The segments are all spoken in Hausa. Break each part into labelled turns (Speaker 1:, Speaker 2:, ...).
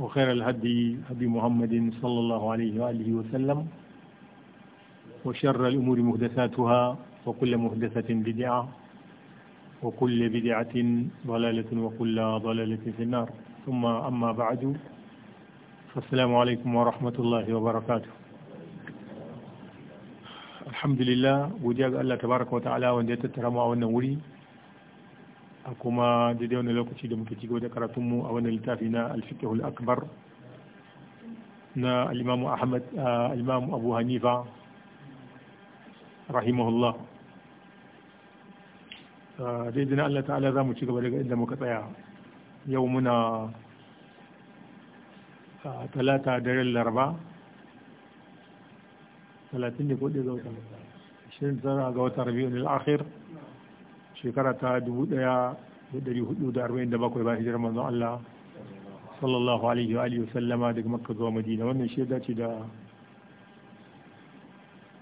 Speaker 1: وخير الهدي هدي محمد صلى الله عليه وآله وسلم وشر الأمور محدثاتها وكل محدثة بدعة وكل بدعة ضلالة وكل ضلالة في النار ثم أما بعد فالسلام عليكم ورحمة الله وبركاته الحمد لله وجاء الله تبارك وتعالى وأن يتترمى ونوري a kuma daidai wani lokaci da muke ci gaba da karatunmu a wannan littafi na alfikihul akbar na alimamu ahmad ah, alimamu abu hanifa rahimahullah ah, daidai na allah ta'ala za mu ci gaba daga inda muka tsaya yau muna ah, talata daren laraba talatin ne ko ɗaya ga watan 29 ga watan rabi'un al-akhir shekara ta 1447 bayan hijirar manzon Allah sallallahu alaihi wa alihi sallama daga makka zuwa madina wannan shaida ce da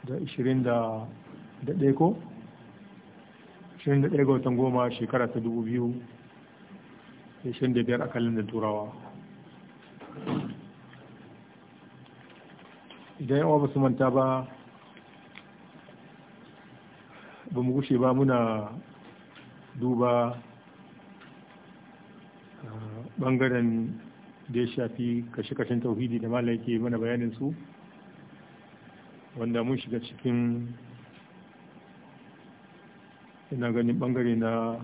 Speaker 1: da 20 da ɗaya ko 21 ga watan goma shekara ta 2025 a kallon da turawa idan yawa ba su manta ba ba mu gushe ba muna duba ah, bangaren da ya shafi kashe-kashen tauhidi da malam ke mana bayanin su wanda mun shiga cikin ina ganin bangare na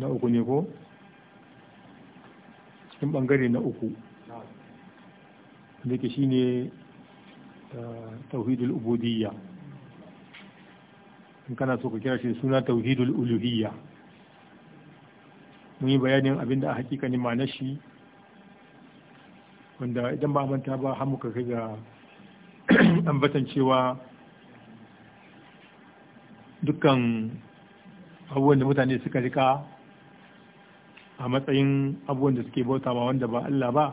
Speaker 1: na uku ne ko cikin bangare na uku da ke shine ah, tauhidul ubudiyya kana so ka kira shi suna tauhidul uluhiyya mun yi bayanin abin da a hakika ne ma shi wanda idan ba a manta ba har ka kai ga ambatan cewa dukkan abubuwan da mutane suka rika a matsayin abubuwan da suke bauta ma wanda ba Allah ba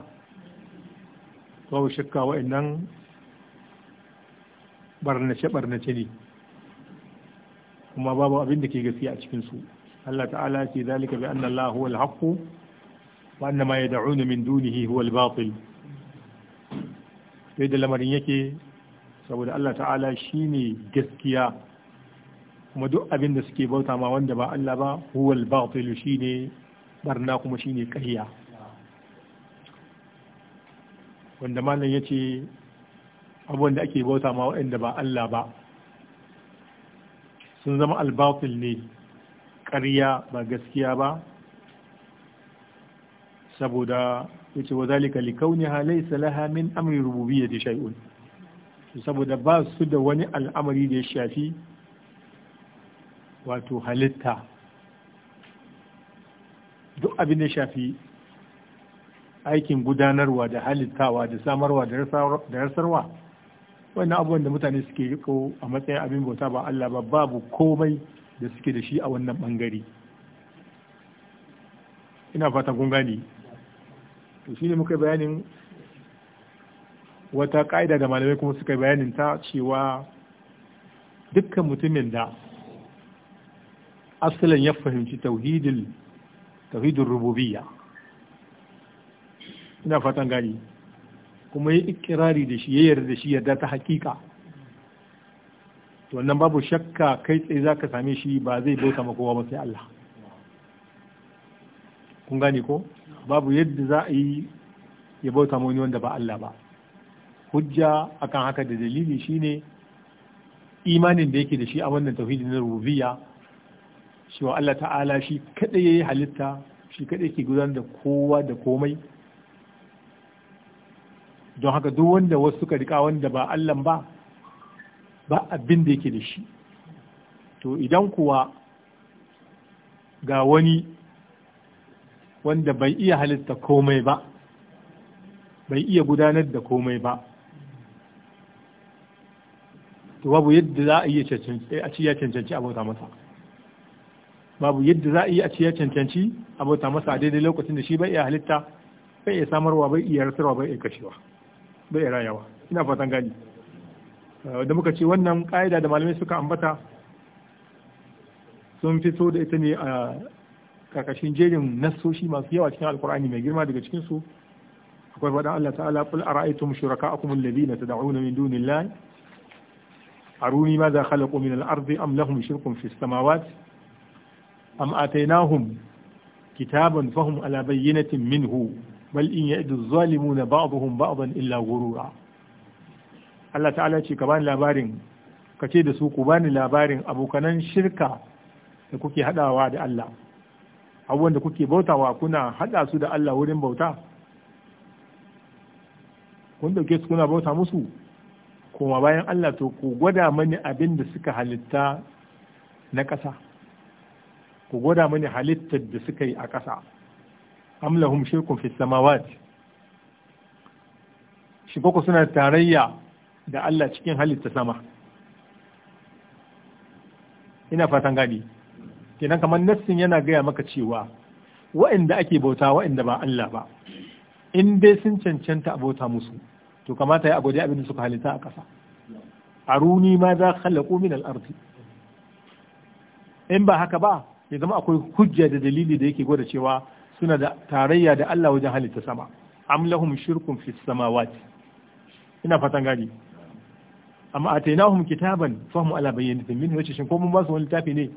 Speaker 1: babu shakka wa'annan barnace-barnace ne kuma babu abin da ke gaskiya a cikin su Allah ta'ala ce zalika bi anna Allah huwa al-haqq wa anna ma yad'un min dunihi huwa batil sai da lamarin yake saboda Allah ta'ala shine gaskiya kuma duk abin da suke bauta ma wanda ba Allah ba huwa al-batil shine barna kuma shine ƙarya wanda malam yace abubuwan da ake bauta ma waɗanda ba Allah ba sun zama albatil ne ƙarya ba gaskiya ba saboda ya ce wa zalika likauni halai salaha min amri rububiyya da shay'un saboda ba su da wani al'amari da ya shafi wato halitta duk abin da ya shafi aikin gudanarwa da halittawa da samarwa da rasarwa wannan abubuwan da mutane suke riko a matsayin abin bauta ba Allah ba babu komai da suke da shi a wannan bangare ina fatan kun gani to shine muka bayanin wata ka'ida da malamai kuma suka bayanin ta cewa dukkan mutumin da asalin ya fahimci tauhidin tauhidin rububiyya ina fatan gani kuma yi ikirari da shi ya yarda da shi yarda ta hakika wannan babu shakka kai tsaye za ka same shi ba zai bauta ma kowa ba sai Allah kun gane ko babu yadda za a yi ya bauta ma wanda ba Allah ba hujja akan haka da dalili shine imanin da yake da shi a wannan tauhidi na rububiyya cewa Allah ta'ala shi kadai yayi halitta shi kadai yake gudanar da kowa da komai don haka duk wanda wasu suka rika wanda ba Allah ba ba abin da yake da shi to idan kuwa ga wani wanda bai iya halitta komai ba bai iya gudanar da komai ba to babu yadda za a iya cancanci a bauta masa babu yadda za a iya ya cancanci a bauta masa a daidai lokacin da shi bai iya halitta bai iya samarwa bai iya rasarwa bai iya kashewa bai rayawa ina fatan gani eh, da muka ce wannan ƙa'ida da malamai suka ambata sun fito da ita ne a kakashin jerin nassoshi masu yawa cikin alkur'ani mai girma daga cikin su akwai faɗin Allah ta'ala qul ara'aytum shuraka'akum alladhina tad'una min dunillahi aruni za khalaqu min al-ardi am lahum shirkun fis samawati am atainahum kitaban fahum ala bayyinatin minhu bal in ya'idu zalimuna ba'dhum ba'dan illa ghurura Allah ta'ala ce ka bani labarin ka ce da su ku bani labarin abokanan shirka da kuke haɗawa da Allah abubuwan da kuke bautawa kuna hada su da Allah wurin bauta kun ɗauke su kuna bauta musu kuma bayan Allah to ku gwada mani abin da suka halitta na ƙasa ku gwada mani halittar da suka yi a ƙasa am lahum shirkun fi samawati shi koko suna tarayya da Allah cikin halitta sama ina fatan gadi kenan kamar nassin yana gaya maka cewa wa'inda ake bauta wa'inda ba Allah ba in dai sun cancanta a bauta musu to kamata ya gode abin da suka halitta a ƙasa aruni ma za khalaqu min al-ardi in ba haka ba ya zama akwai hujja da dalili da yake gwada cewa suna da tarayya da Allah wajen halitta sama amlahum lahum shirkun fi samawati ina fatan gari amma atainahum kitaban fahmu ala bayyinatin min wace shin ko mun ba su wani littafi ne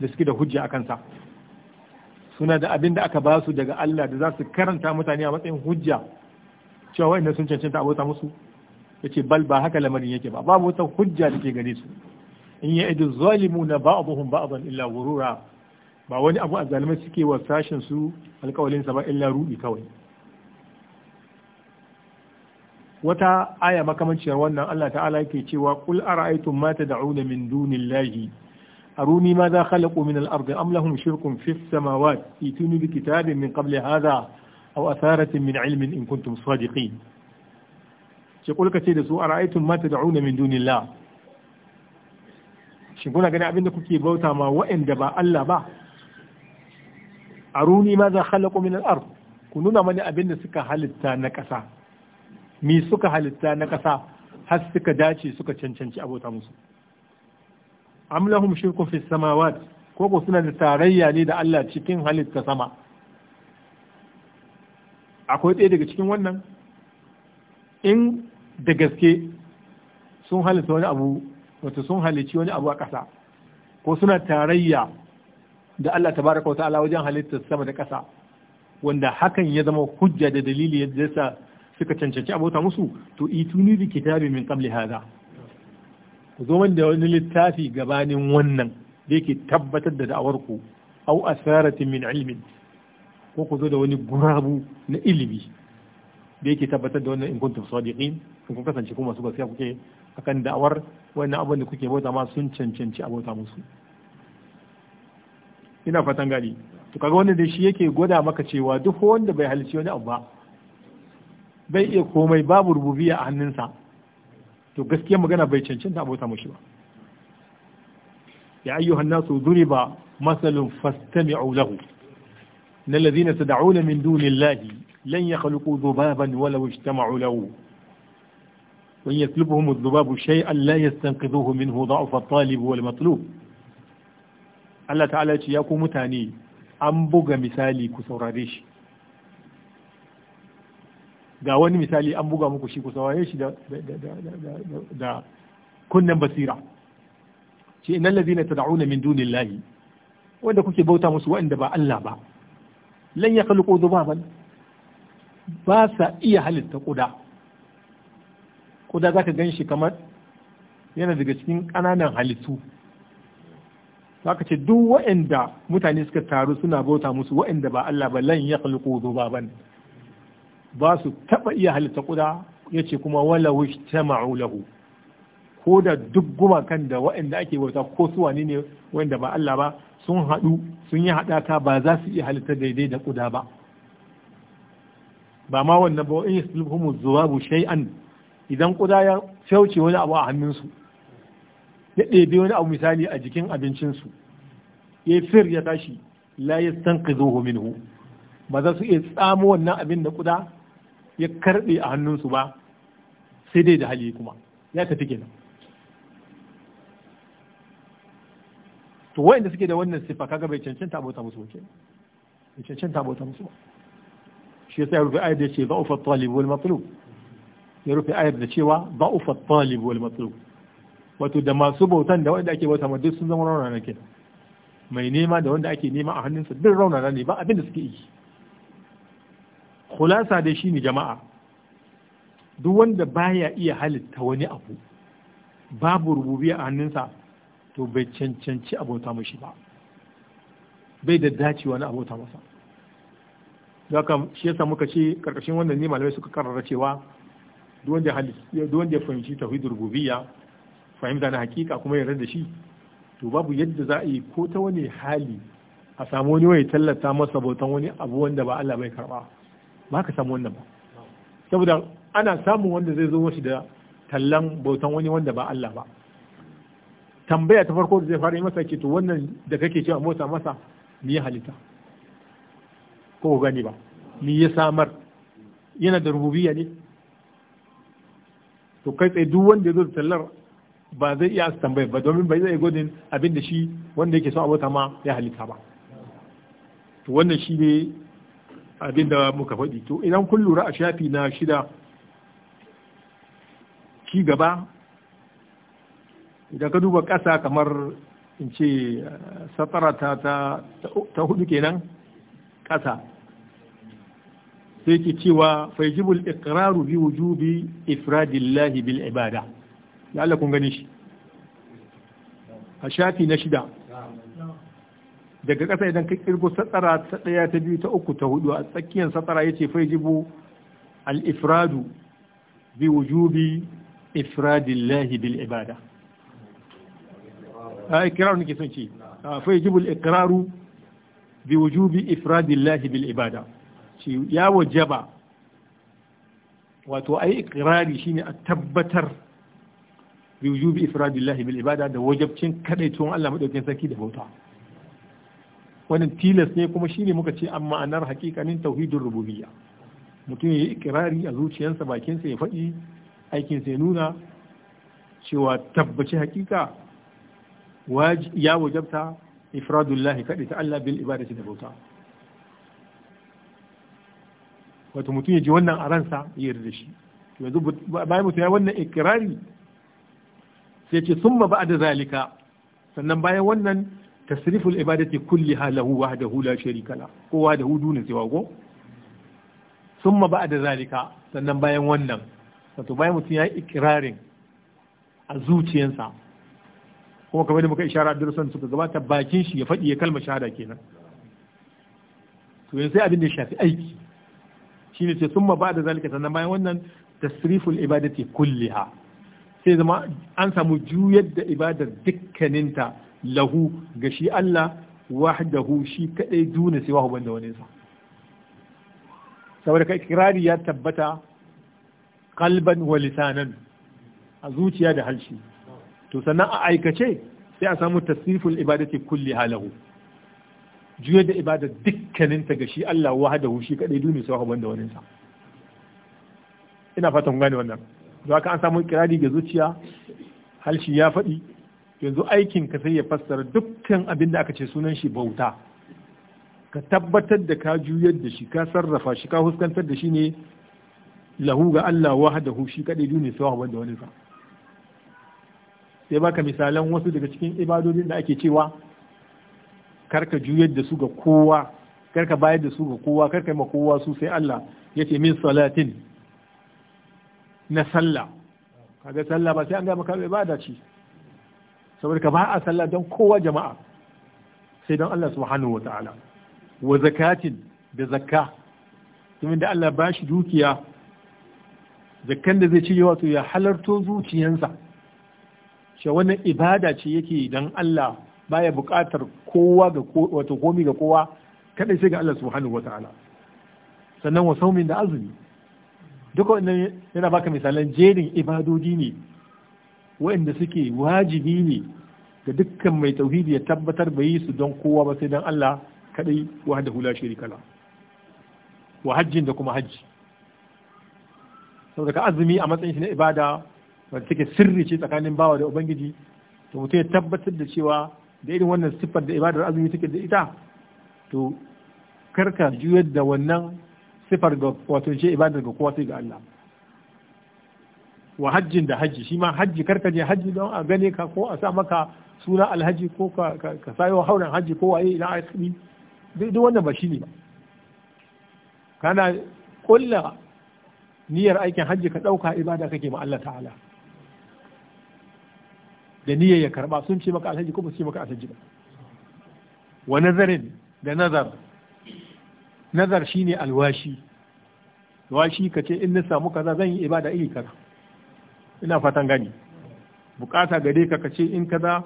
Speaker 1: da suke da hujja akan sa suna da abin da aka ba su daga Allah da za su karanta mutane a matsayin hujja cewa wanda sun cancanta abota musu yace bal ba haka lamarin yake ba babu wata hujja da ke gare su in ya idu zalimuna ba'dhum ba'dan illa ghurura ba wani abu a zalimai suke wa sashen su alkawalinsa ba illa ruɗi kawai wata aya makamanciyar wannan Allah ta'ala yake cewa qul ara'aytum ma tad'una min dunillahi aruni ma za khalaqu min al-ard am lahum shirkun fi as-samawati ituni bi kitabin min qabli hadha aw atharatin min ilmin in kuntum sadiqin ce qul ce da su ara'aytum ma tad'una min dunillah shin kuna gani abinda kuke bauta ma wa'anda ba Allah ba aruni ma za khalaqu min al ku nuna mani abin da suka halitta na ƙasa mi suka halitta na ƙasa har suka dace suka cancanci abota musu am shirku fi samawat ko ko suna da tarayya ne da Allah cikin halitta sama akwai ɗaya daga cikin wannan in da gaske sun halitta wani abu wato sun halici wani abu a ƙasa ko suna tarayya da Allah baraka wa ta'ala wajen halittar sama da ƙasa wanda hakan ya zama hujja da dalili yadda sa suka cancanci abota musu to ituni bi kitabi min qabli hada ku zo da wani littafi gabanin wannan da yake tabbatar da da'awar ku aw asaratin min ilmin ko ku zo da wani gurabu na ilimi da yake tabbatar da wannan in kuntum sadiqin in kun kasance kuma su gaskiya kuke akan da'awar wannan abin da kuke bauta ma sun cancanci abota musu ina fatan gani to kaga wannan da shi yake gwada maka cewa duk wanda bai halici wani abu ba bai iya komai babu rububiyya a hannunsa to gaskiya magana bai cancanta abota mushi ba ya ayyuhan nasu duriba masalun fastami'u lahu na lazina tad'una min dunillahi lan yakhluqu dhubaban wala wajtama'u lahu adh-dhubabu shay'an la شيئا minhu يستنقذوه at-talib wal matlub Allah ta'ala ce ya ku mutane an buga misali ku saurare shi ga wani misali an buga muku shi ku saurare shi da kunnen basira ce innal ladina tad'una min dunillahi wanda kuke bauta musu wanda ba Allah ba lan ya kalli dhubaban ba sa iya halitta kuda kuda gan ganshi kamar yana daga cikin ƙananan halittu zaka ce duk waɗanda mutane suka taru suna bauta musu waɗanda ba Allah ba lan ya khaliqu dhubaban ba su taba iya halitta kuda yace kuma wala wajtama'u lahu ko da duk gumakan da waɗanda ake bauta ko su wani ne waɗanda ba Allah ba sun haɗu sun yi haɗaka ba za su iya halitta daidai da kuda ba ba ma wannan ba in yaslubuhum dhubabu shay'an idan kuda ya fauce wani abu a hannunsu ya ɗebe wani abu misali a jikin abincinsu ya fir ya tashi la yastanqidhuhu minhu ba za su iya tsamo wannan abin da kuda ya karɓe a hannunsu ba sai dai da hali kuma ya tafi kenan to wa'anda suke da wannan siffa kaga bai cancanta abota musu ba kenan bai cancanta abota musu ba shi yasa ya rufe ayar da ce ba'ufa talib wal matlub ya rufe ayar da cewa ba'ufa talib wal matlub wato da masu bautan da wanda ake bauta ma duk sun zama raunana kenan mai nema da wanda ake nema a hannunsa duk raunana ne ba abin da suke yi kulasa da shi ne jama'a duk wanda baya iya halitta wani abu babu rububiya a hannunsa to bai cancanci abota mashi ba bai da dacewa na abota masa haka shi yasa muka ce karkashin wannan ne malamai suka karara cewa duk wanda ya fahimci tauhidul rububiyya fahimta na hakika kuma yarda da shi to babu yadda za a yi ko ta wani hali a samu wani wai tallata masa bautan wani abu wanda ba Allah bai karba ba ka samu wannan ba saboda ana samun wanda zai zo mashi da tallan bautan wani wanda ba Allah ba tambaya ta farko da zai fara yi masa ke to wannan da kake cewa motsa masa Ni ya halitta ko gani ba ni ya samar yana da rububiyya ne to kai tsaye duk wanda ya zo da tallar ba zai iya su tambayar ba domin bai zai godin abin da shi wanda yake son abota ma ya halitta ba to wannan shi ne abin da muka faɗi to idan kun lura a shafi na shida ci gaba idan ka duba ƙasa kamar in ce eh, satara ta ta hudu kenan ƙasa sai ke cewa faijibul iqraru bi wujubi ifradillahi bil ibada da Allah kun gani shi a shafi na shida daga ƙasa idan ka kirgo satsara ta ɗaya ta biyu ta uku ta hudu a tsakiyar satsara ya ce fai jibu al-ifradu bi wujubi ifradillahi bil ibada a ikirar nake son ce fai jibu al-ikiraru bi wujubi ifradillahi bil ibada ya wajaba wato ai ikirari shine a tabbatar bi wujubi ifradillahi bil ibada da wajabcin kadaituwan Allah madaukakin sarki da bauta wannan tilas ne kuma shine muka ce amma anar haqiqanin tauhidur rububiyya mutum ya yi ikrari a zuciyarsa bakin sa ya faɗi sa ya nuna cewa tabbaci hakika ya wajabta ifradullahi kaɗi ta Allah bil ibadati da bauta wato mutum ya ji wannan a ransa ya yarda shi yanzu bayan mutum ya wannan ikirari sai ce summa ba'da zalika sannan bayan wannan tasriful ibadati kulli lahu wa da hula la ko wahdahu duna siwa ko summa da zalika sannan bayan wannan wato bayan mutum ya yi ikirarin a zuciyarsa kuma kamar da muka ishara a darussan suka gabata bakin shi ya faɗi ya kalma shahada kenan to yanzu sai abin da ya shafi aiki shine ce summa da zalika sannan bayan wannan tasriful ibadati kulliha sai zama an samu juyar da ibadar dukkaninta lahu ga shi Allah wahdahu shi kadai duna sai wahu banda wani sa saboda ka ikirari ya tabbata kalban wa lisanan a zuciya da halshi to sannan a aikace sai a samu tasriful ibadati kulli halahu juyar da ibada dukkaninta ga shi Allah wahdahu shi kadai duna sai wahu banda wani sa ina fatan gane wannan za ka an samu kirari ga zuciya shi ya faɗi yanzu aikin ka sai ya fassara dukkan abin da aka ce sunan shi bauta ka tabbatar da ka juyar da shi ka sarrafa shi ka huskantar da shi ne lahu ga Allah wahdahu shi kadai duni sawa wanda wani sa sai baka misalan wasu daga cikin ibadodin da ake cewa karka juyar da su ga kowa karka bayar da su ga kowa karka ma kowa su sai Allah yace min salatin na sallah kaga sallah ba sai an ga maka ibada ce saboda ka ba a sallah don kowa jama'a sai don Allah subhanahu wata'ala wa zakatin da zakka domin da Allah ba shi dukiya zakkan da zai cire wato ya halarto zuciyansa shi wannan ibada ce yake don Allah baya buƙatar kowa ga wato komi ga kowa kada sai ga Allah subhanahu wata'ala sannan wa saumin da azumi duka wannan yana baka misalan jerin ibadodi ne waɗanda suke wajibi ne ga dukkan mai tauhidi ya tabbatar bai yi su don kowa ba sai don Allah kadai da hula kala, wa hajjin da kuma hajji saboda ka azumi a matsayin shi na ibada wanda take sirri ce tsakanin bawa da ubangiji to mutum ya tabbatar da cewa da irin wannan siffar da ibadar azumi take da ita to karka juyar da wannan sifar ga wato ce ibada ga kowa sai ga Allah wa hajjin da hajji shi ma hajji karka je hajji don a gane ka ko a sa maka suna alhaji ko ka sayo hauren hajji ko waye ila akhiri duk wannan ba shi ne kana kulla niyyar aikin hajji ka dauka ibada kake ma Allah ta'ala da niyyar ya karba sun ce maka alhaji ko ba su ce maka alhaji ba wa nazarin da nazar nazar shi ne alwashi washi ka ce in na samu kaza zan yi ibada iri kaza ina fatan gani bukata gare ka ka ce in kaza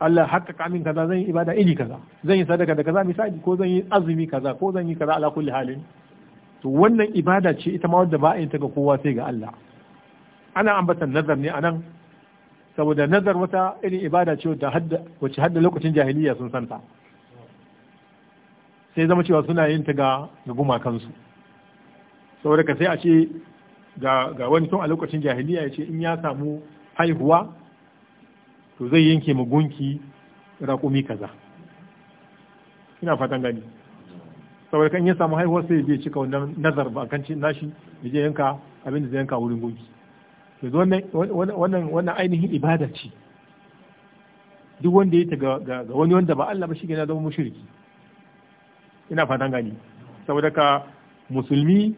Speaker 1: Allah haka kamin kaza zan yi ibada iri kaza zan yi sadaka da kaza misali ko zan yi azumi kaza ko zan yi kaza ala kulli halin to wannan ibada ce ita ma wanda ba a yin ta ga kowa sai ga Allah ana ambatan nazar ne anan saboda nazar wata irin ibada ce wadda wacce hadda lokacin jahiliya sun santa sai zama cewa suna yin ta ga gumakansu saboda ka sai a ce ga wani tun a lokacin jahiliya ya ce in ya samu haihuwa to zai yanke mu gunki raƙumi kaza ina fatan gani saboda kan ya samu haihuwa sai zai cika wannan nazar ba kan cin nashi ya je yanka abin da zai yanka wurin gunki to wannan wannan ainihin ibada ce duk wanda ya ta ga wani wanda ba Allah ba shi ne zama mushriki ina fatan gani saboda ka musulmi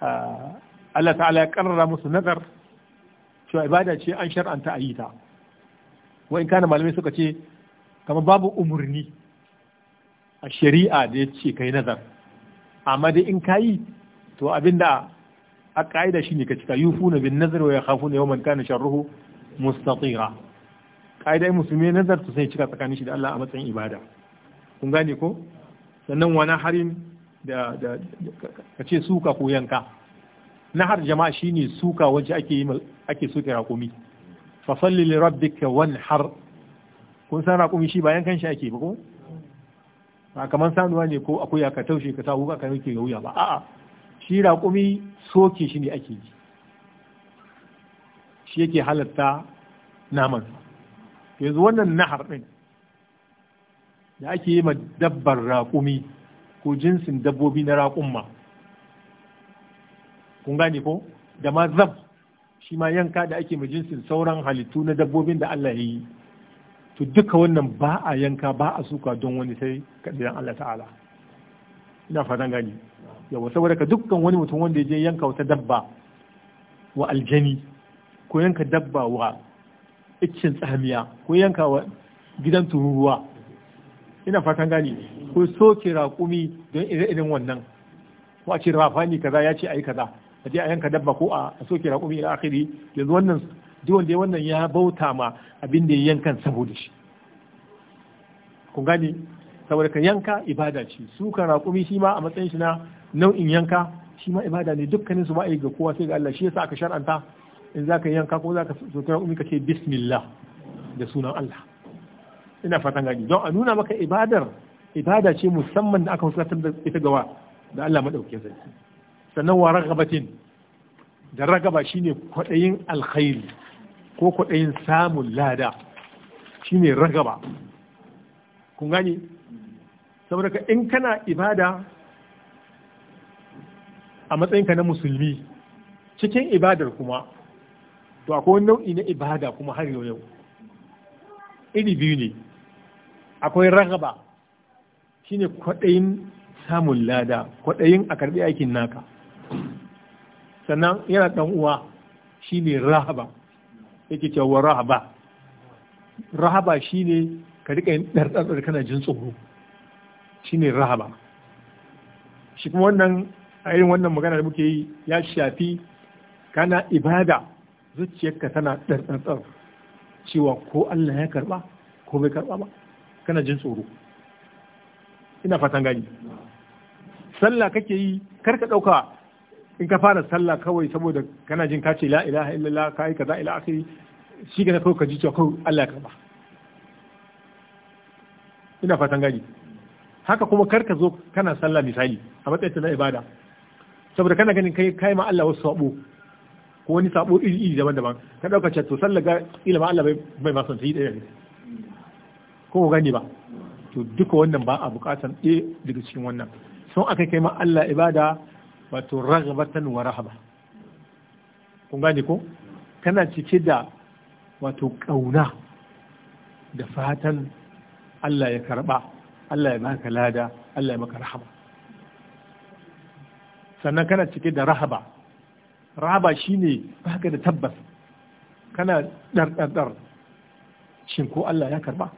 Speaker 1: Allah ta'ala ya karrara musu nazar cewa ibada ce an shar'anta a yi ta in kana malamai suka ce kamar babu umurni a shari'a da ya ce kai nazar amma dai in ka yi to abinda a ka'ida shine ka cika na bin nazar wa ya na yawan kana sharruhu mustaqira ka'ida musulmi nazar to sai cika tsakanin shi da Allah a matsayin ibada kun gane ko sannan wani harin da ka ce suka ko yanka nahar jama'a shine suka wacce ake yi ake soke raƙumi fa salli li rabbika har. kun san raƙumi shi bayan kan shi ake ba ko ba kamar sanuwa ne ko akwai ka taushe ka sa wuka ka yake ga wuya ba a'a shi raƙumi soke shi ne ake yi shi yake halatta naman yanzu wannan nahar ɗin da ake yi ma dabbar raƙumi ko jinsin dabbobi na raƙumma kun gane ko da ma zab shi ma yanka da ake ma jinsin sauran halittu na dabbobin da Allah ya yi to duka wannan ba a yanka ba a suka don wani sai kadiran Allah ta'ala ina fatan gani yawa saboda ka dukkan wani mutum wanda ya je yanka wata dabba wa aljani ko yanka dabba wa iccin tsamiya ko yanka wa gidan tururuwa ina fatan gani ko soke raƙumi don irin wannan ko a ce rafani kaza ya ce a yi kaza a je a yanka dabba ko a soke raƙumi ila akhiri yanzu wannan duk wanda wannan ya bauta ma abin da ya yanka saboda shi ku gani saboda ka yanka ibada ce su ka raƙumi shi ma a matsayin shi na nau'in yanka shi ma ibada ne dukkanin su ba ga kowa sai ga Allah shi yasa aka shar'anta in zaka yanka ko zaka soke raƙumi ka ce bismillah da sunan Allah ina fatan gani don a nuna maka ibadar ibada ce musamman da aka husatar da ita gawa da Allah madaukakin sarki sannan wa ragabatin da ragaba shine kwaɗayin alkhairi ko kwaɗayin samun lada shine ragaba kun gani saboda ka in kana ibada a matsayinka na musulmi cikin ibadar kuma to akwai nau'i na ibada kuma har yau iri biyu ne akwai ragaba shine kwaɗayin samun lada kwaɗayin a karɓi aikin naka sannan yana ɗan uwa shine rahaba yake cewa rahaba rahaba shine ka riƙa yin ɗarɗarɗar kana jin tsoro shine rahaba shi kuma wannan a irin wannan magana da muke yi ya shafi kana ibada zuciyarka tana ɗarɗarɗar cewa ko Allah ya karɓa ko bai karɓa ba kana jin tsoro ina fatan gani sallah kake yi kar ka dauka in ka fara sallah kawai saboda kana jin kace la ilaha illallah ka yi kaza ila akhiri shi ga kawai ka ji cewa kawai Allah ya karba ina fatan gani haka kuma kar ka zo kana sallah misali a matsayin ta na ibada saboda kana ganin kai kai ma Allah wasu sabo ko wani sabo iri iri daban-daban ka dauka cewa to sallah ga ilma Allah bai ma son ta yi da ko gani ba to duka wannan ba a bukatan ɗaya daga cikin wannan sun aka kai ma Allah ibada wato ragabatan wa rahaba kun gane ko kana cike da wato ƙauna da fatan Allah ya karba Allah ya baka lada Allah ya maka rahaba sannan kana cike da rahaba rahaba shine baka da tabbas kana ɗarɗarɗar shin ko Allah ya karba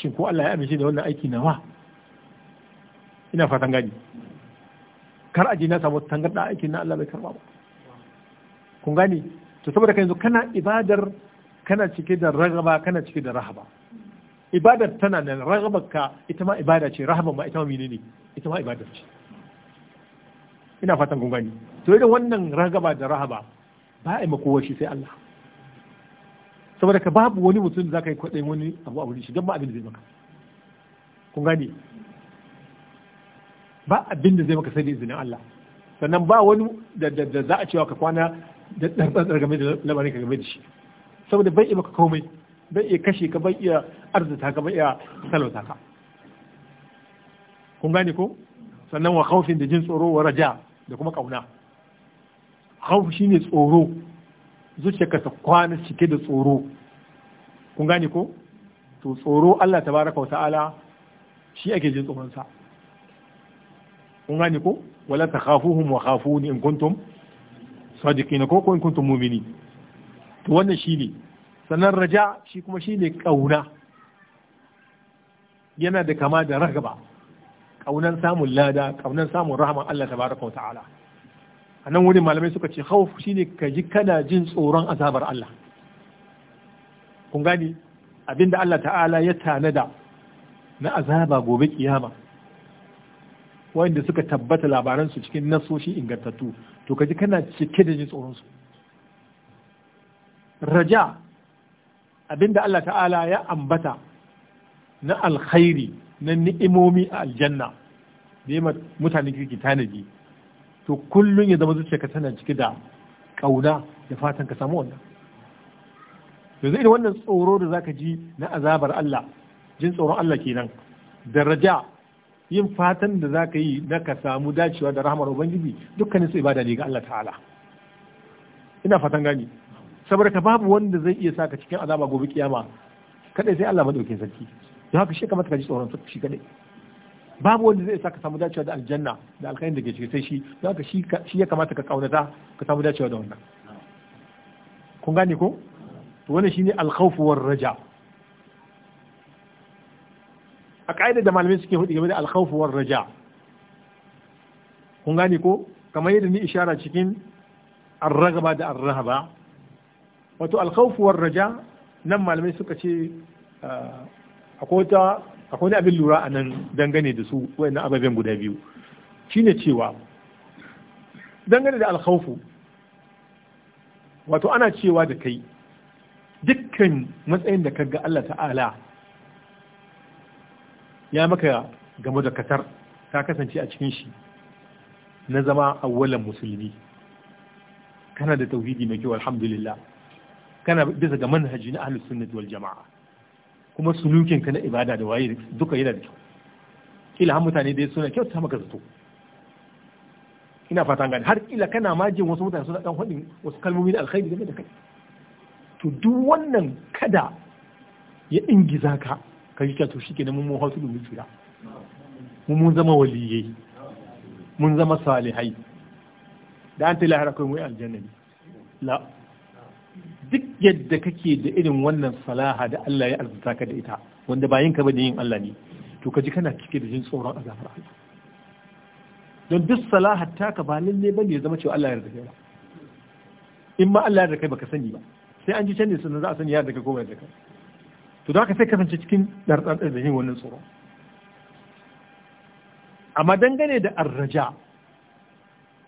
Speaker 1: shin ko Allah ya amince da wannan aiki nawa ina fatan gani kar aje na samu tangarda aiki na Allah bai karba ba kun gani to saboda kai yanzu kana ibadar kana cike da ragaba kana cike da rahaba ibadar tana nan ka ita ma ibada ce rahaban ma ita ma menene ita ma ibada ce ina fatan kun gani to idan wannan ragaba da rahaba ba a yi makowa shi sai Allah saboda ka babu wani mutum za ka yi kwaɗayin wani abu a wurin shi don ba abin da zai maka kun gane ba abin da zai maka sai da izinin Allah sannan ba wani da za a cewa ka kwana da ɗarɗar game da lamarin ka game da shi saboda bai iya maka komai bai iya kashe ka bai iya arzuta ka bai iya salauta ka kun gane ko sannan wa khawfin da jin tsoro wa raja da kuma kauna khawf shine tsoro zuciyarka ta kwana cike da tsoro kun gane ko to tsoro Allah tabaraka wa ta'ala shi ake jin tsoron sa kun gane ko wala takhafuhum wa khafuni in kuntum sadiqina ko ko in kuntum mu'minin to wannan shine sannan raja shi kuma shine kauna yana da kama da ragaba kaunan samun lada kaunan samun rahman Allah tabaraka wa ta'ala a nan wurin malamai suka ce khawf shine ka ji kana jin tsoron azabar Allah kun gani abinda Allah ta'ala ya tanada na azaba gobe kiyama wanda suka tabbata labaransu su cikin nasoshi ingantattu to kaji kana cike da jin tsoron su raja abinda Allah ta'ala ya ambata na alkhairi na ni'imomi a aljanna da mutane kirki tanadi to kullum ya zama zuciya ka tana ciki da kauna da fatan ka samu wannan yanzu idan wannan tsoro da zaka ji na azabar Allah jin tsoron Allah kenan daraja yin fatan da zaka yi na ka samu dacewa da rahmar ubangiji dukkanin su ibada ne ga Allah ta'ala ina fatan gani saboda ka babu wanda zai iya saka cikin azaba gobe kiyama kada sai Allah madaukin sarki don haka shi kamata ka ji tsoron shi kadai babu wanda zai ka samu dacewa da aljanna da alkhairin da ke ciki sai shi don haka shi ya kamata ka kaunata ka samu dacewa da wannan kun gane ko to wannan shine alkhawf war raja a ka'ida da malamai suke hudu game da alkhawf war raja kun gane ko kamar yadda ni ishara cikin arragaba da arrahaba wato alkhawf war raja nan malamai suka ce ah, akwai ta akwai wani abin lura a nan dangane da su wani ababen guda biyu ne cewa dangane da alkhaufu wato ana cewa da kai dukkan matsayin da ka ga Allah ta'ala ya maka game da katar ta kasance a cikin shi na zama awwalan musulmi kana da tauhidi mai kyau alhamdulillah kana bisa ga manhaji na ahlus sunnah wal jama'a kuma sulukin ka na ibada da waye duka yana da kyau kila har mutane dai suna kyauta maka zato ina fatan gani har kila kana ma jin wasu mutane suna dan hudin wasu kalmomi na alkhairi game da kai to duk wannan kada ya ingiza ka ka yi to shi kenan mun hausu domin tsira mun mun zama waliyyai, mun zama salihai da an ta lahara kai mu aljanna la duk yadda kake da irin wannan salaha da Allah ya arzuta ka da ita wanda bayan ka bane yin Allah ne to ka ji kana cike da jin tsoron azabar Allah don duk ta taka ba lalle bane ya zama cewa Allah ya yarda ka ba in ma Allah ya yarda kai baka sani ba sai an ji canne sunan za a sani ya daga ko bai yarda to da ka sai kasance cikin darɗarɗar da yin wannan tsoro amma dangane da arraja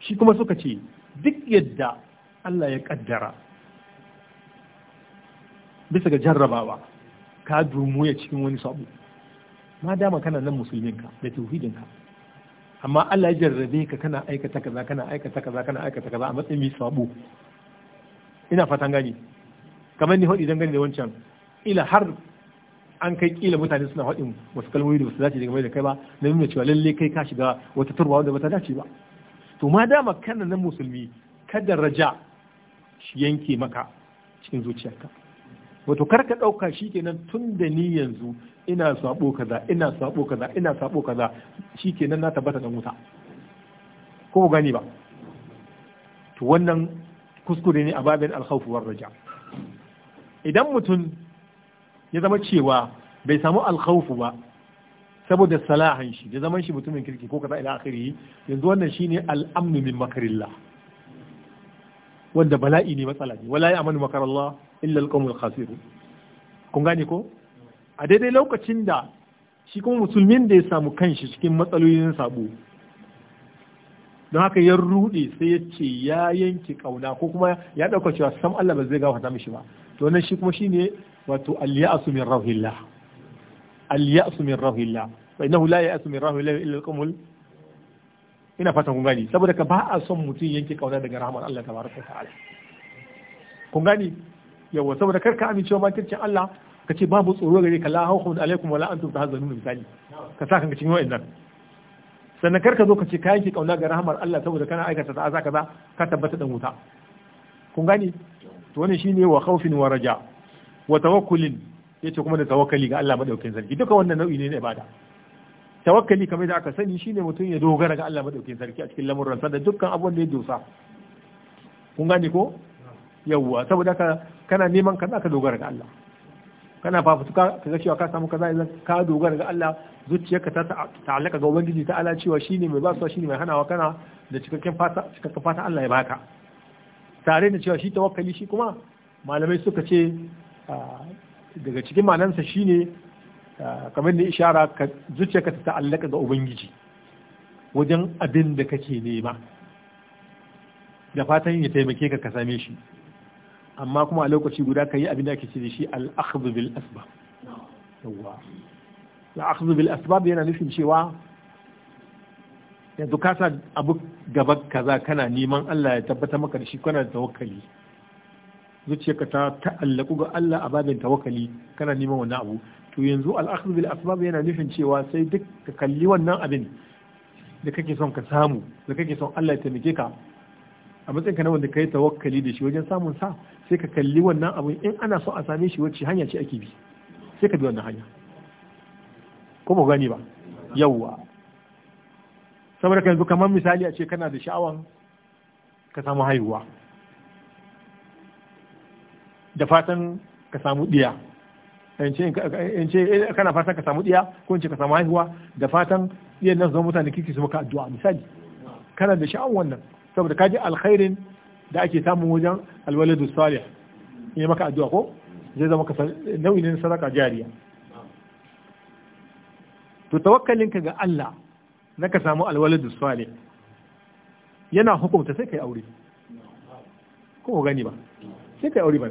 Speaker 1: shi kuma suka ce duk yadda Allah ya kaddara bisa ga jarrabawa ka durmu ya cikin wani sabo ma dama kana nan musulminka da tauhidinka amma Allah ya jarrabe ka kana aikata kaza kana aikata kaza kana aikata kaza a matsayin mai sabo ina fatan gani kamar ni hodi gani da wancan ila har an kai kila mutane suna haɗin wasu kalmomi da ba su dace daga mai da kai ba na nuna cewa lalle kai ka shiga wata turba wanda bata ta dace ba to ma dama kana nan musulmi kada raja shi yanke maka cikin zuciyarka wato kar ka ɗauka shi kenan tun da ni yanzu ina sabo kaza ina sabo kaza ina sabo kaza shi kenan na tabbata dan wuta ko gani ba to wannan kuskure ne a babin alkhawf war raja idan mutum ya zama cewa bai samu alkhawf ba saboda salahan shi da zaman shi mutumin kirki ko kaza ila akhiri yanzu wannan shine al'amnu min makarillah wanda bala'i ne matsala ne wala ya amanu makarallah illa alqawmul khasirun kun gane ko a daidai lokacin da shi kuma musulmin da ya samu kanshi cikin matsalolin sabo don haka ya rude sai ya ce ya yanki kauna ko kuma ya dauka cewa sam Allah ba zai gafarta mishi ba to nan shi kuma shine wato al-ya'su min rahillah al-ya'su min rahillah fa innahu la ya'su min rahillah illa al-qawmul ina fatan kun gani saboda ka ba a son mutum yanke kauna daga rahmar Allah tabaraka ta'ala kun gani yawa saboda kar ka amincewa makircin Allah ka ce babu tsoro gare ka la hawkhun alaikum wala antum tahzanun misali ka sa kanka cikin wa'annan sannan kar ka zo ka ce ka yanke kauna ga rahamar Allah saboda kana aikata ta kaza ka tabbata dan wuta kun gani to wannan shine wa khawfin wa raja wa tawakkulin yace kuma da tawakkali ga Allah madaukakin sarki duka wannan nau'i ne na ibada tawakkali kamar da aka sani shine mutum ya dogara ga Allah madaukakin sarki a cikin lamuran sa da dukkan abubuwan da ya dosa kun gane ko yawwa saboda haka kana neman kaza ka dogara ga Allah kana fafutuka ka ga cewa ka samu kaza idan ka dogara ga Allah zuciyarka ta ta'allaka ga ubangiji ta ala cewa shine mai basuwa shine mai hanawa kana da cikakken fata cikakken fata Allah ya baka tare da cewa shi tawakkali shi kuma malamai suka ce daga cikin malansa shine kamar ne ishara ka zuciyarka ta ta'allaka ga ubangiji wajen abin da kake nema da fatan ya taimake ka ka same shi amma kuma a lokaci guda ka yi abin da ake ce da shi al'akhzubil bil asbab
Speaker 2: yawa
Speaker 1: bil asbab yana nufin cewa yanzu ka abu gaba kaza kana neman Allah ya tabbata maka da shi kana da tawakkali zuciyarka ta ta'allaku ga Allah a babin tawakali kana neman wannan abu to yanzu al'akhzubil asbab yana nufin cewa sai duk ka kalli wannan abin da kake son ka samu da kake son Allah ya taimake ka a matsayinka na wanda kai tawakkali da shi wajen samun sa sai ka kalli wannan abu in ana so a same shi wacce hanya ce ake bi sai ka bi wannan hanya ko ba gani ba yawwa saboda ka yanzu kamar misali a ce kana da sha'awan ka samu haihuwa da fatan ka samu diya in ce eh, kana fatan ka samu diya ko in ce ka samu haihuwa da fatan iya nan zama mutane kiki su maka addu'a misali kana da sha'awan wannan saboda kaji alkhairin da ake samun wajen alwaladu salih ya maka addu'a ko zai zama kasar nau'i ne sadaka jariya to tawakkalin ka ga Allah na ka samu alwaladu salih yana hukumta sai kai aure ko gani ba sai kai aure ba